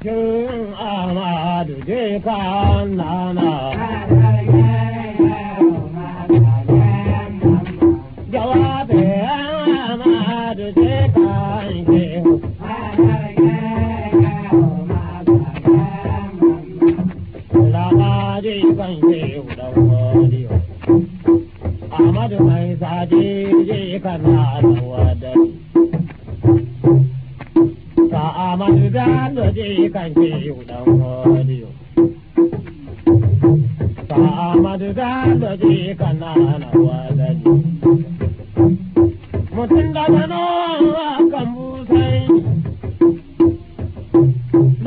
आवाबे कईदेव अमर भई साधे जे करणा man gano je kan ke udan wani Ba Ahmadu gano je kan nana wadani. Mutum daga nawa kan busai,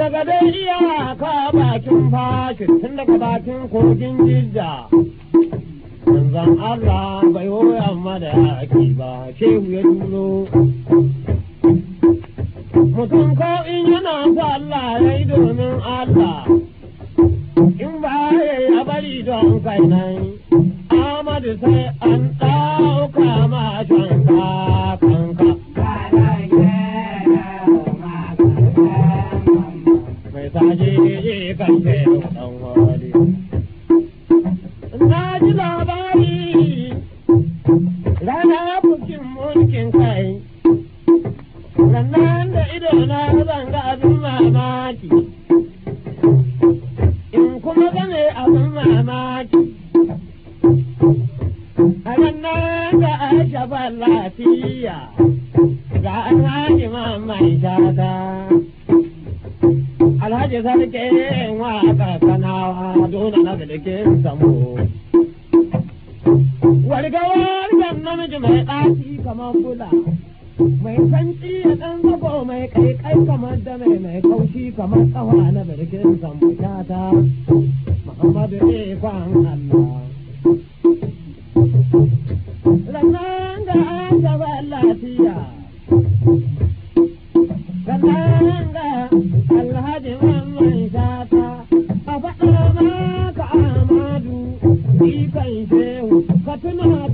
daga dai iyaka bakin fashin tun daga bakin kogin jidda. Manzan Allah bai hoya mana yaki ba, shehu ya duro. mutum ko in yana so Allah ya yi domin Allah in ba ya yi bari don kai nan Amadu sai an ɗauka ma kanka kanka. Mai saje kan kai ɗan wani. Na ji labari mamaki a ranar da aisha ba lafiya ga alhaji mamman shata alhaji sarkin waka kanawa dole na da ke samu wargawar gan namiji mai ɗaci kamar bula mai sanci ya ɗan zabo mai kai-kai kamar da mai mai kaushi kamar tsawa na birkin samu shata Muhammadu ikon Allah. Rannan da an gaba lafiya, rannan da alhaji wannan shata, a faɗa maka Amadu, ikon shehu, ka tuna